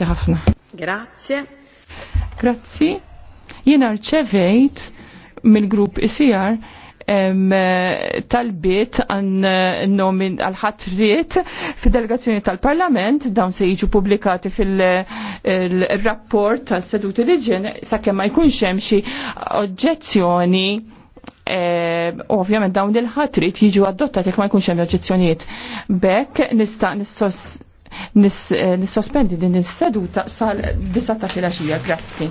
Grazie ħafna. Grazie. Grazzi. Jiena rċevejt mill-grupp ICR talbiet eh, għal-ħatriet fil-delegazzjoni tal-Parlament dawn se jiġu publikati fil-rapport tal-seduti li ġen sakemm ma jkunx hemm xi oġġezzjoni eh, ovvjament dawn il-ħatrit jiġu adottati jekk ma jkunx hemm oġġezzjonijiet. Bekk nista' nistos Eh, nissospendi din is-seduta sal-19 grazzi.